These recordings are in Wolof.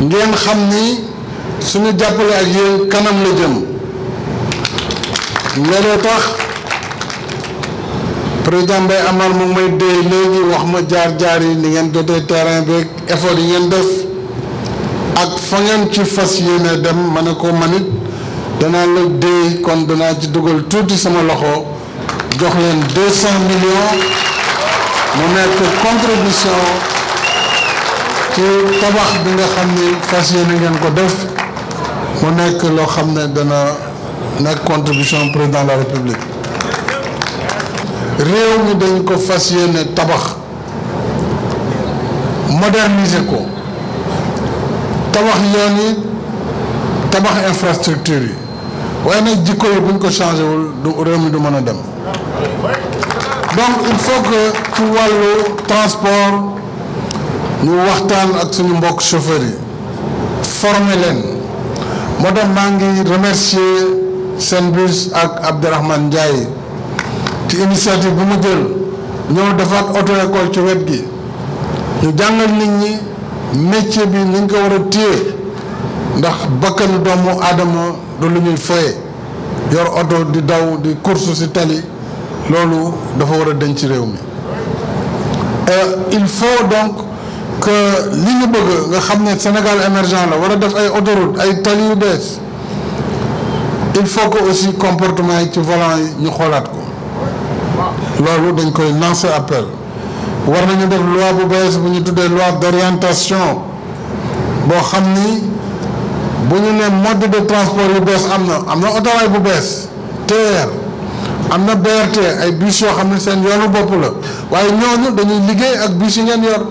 ngeen xam ni suñu jàppale ak yéen kanam la jëm looloo tax président Mbaye Amar mu may dee léegi wax ma jaar-jaar yi ni ngeen jotee terrain beeg effort yi ngeen def ak fa ngeen ci fas yéene dem ma ne ko manit danaa la dee kon danaa ci dugal tuuti sama loxo jox leen deux cent millions mu nekk contribution ci tabax bi nga xam ni fas yéene ngeen ko def mu nekk loo xam ne dana nekk contribution président la république réew mi dañ ko fas yéene tabax moderniser ko tabax yoon yi tabax infrastructure yi waaye nag jikko yi buñ ko changé wul du réew mi du mën a dem donc il faut que ci wàllu transport ñu waxtaan ak suñu mbokk chauffeurs yi former leen moo tax maa ngi seen Senbus ak Abdourahmane Ndiaye ci initiative bu mu jël ñoo defaat auto école ci wet gi ñu jàngal nit ñi métier bi ni ñu war a téye ndax bakkanu doomu aadama du lu ñuy foye yor oto di daw di course ci tali loolu dafa war a denc réew mi euh, que li ñu bëgg nga xam ne Sénégal émergent la war a def ay autoroute ay tali yu bees il faut que aussi comportement yi ci volant yi ñu xoolaat ko loolu dañ koy lancer appel war nañu def loi bu bees bu ñu tuddee loi d'orientation boo xam ni bu ñu ne mode de transport yu bees am na am na autorail bu bees TER am na BRT ay bus yoo xam ne seen yoonu bopp la waaye ñooñu dañuy liggéey ak bus yi ngeen yor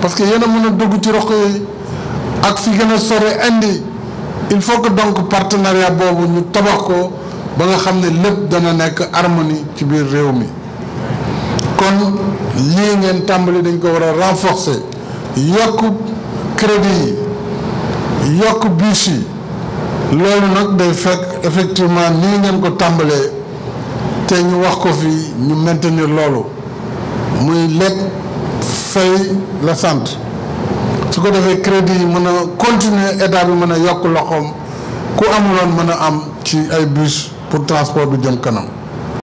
parce que yéen a mën a dugg ci roq yi ak fi gën a sore indi il faut que donc partenariat boobu ñu tabax ko ba nga xam ne lépp dana nekk harmonie ci biir réew mi kon lii ngeen tàmbali dañ ko war a renforcer yokk crédit yi yokk bus loolu nag day fekk effectivement nii ngeen ko tàmbalee te ñu wax ko fi ñu maintenir loolu muy lekk Faye la sant su ko defee crédit yi mën a continuer état bi mën a yokk loxoom ku amuloon mën a am ci ay bus pour transport bi jëm kanam